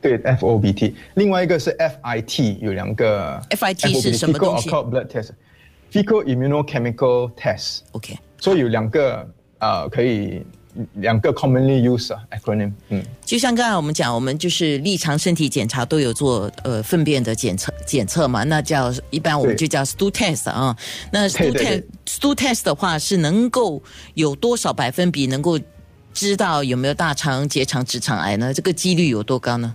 對 F O B T，另外一個是 F I T，有兩個、FIT、F I T 是什麼東西？fecal occult blood test，fecal immunochemical test。O K，所以有兩個啊、呃，可以兩個 commonly used acronym。嗯，就像剛才我們講，我們就是立常身體檢查都有做，呃，糞便的檢測檢測嘛，那叫一般，我們就叫 stool test 啊。那 stool stool test 的話是能夠有多少百分比能夠知道有沒有大腸結腸直腸癌呢？這個幾率有多高呢？